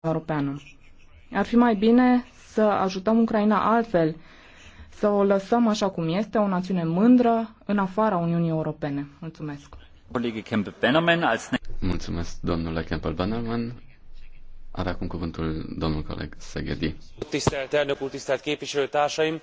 Europeană. Ar fi mai bine să ajutăm Ucraina altfel, să o lăsăm așa cum este, o națiune mândră, în afara Uniunii Europene. Mulțumesc. Mulțumesc, domnule Campbell Bannerman. Are acum cuvântul domnul coleg Segedi. Tisztelt elnök úr, tisztelt képviselőtársaim!